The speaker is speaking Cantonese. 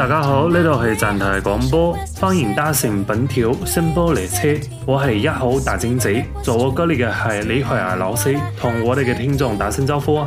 大家好，呢度係站台廣播，歡迎搭乘本條聲波列車。我係一號大正仔，坐我隔離嘅係李海亞老師，同我哋嘅聽眾打聲招呼啊。